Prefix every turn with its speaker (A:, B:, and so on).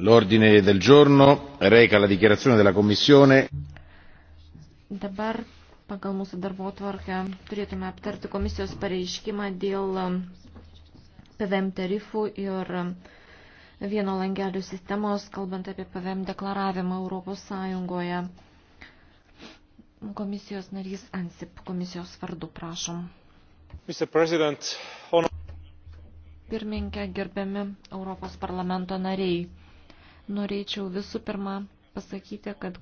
A: l'ordine del giorno reca la dichiarazione della commissione
B: dabar pagal mūsų darbotvarkę turėtume aptarti komisijos pareiškimą dėl PVM um, tarifų ir um, vieno langelio sistemos, kalbant apie PVM deklaravimą Europos Sąjungoje. Komisijos narys Ansip, komisijos vardu, prašom.
C: Mr. President, on...
B: Pirminkė,
D: gerbiami Europos parlamento nariai norėčiau visų pirma pasakyti, kad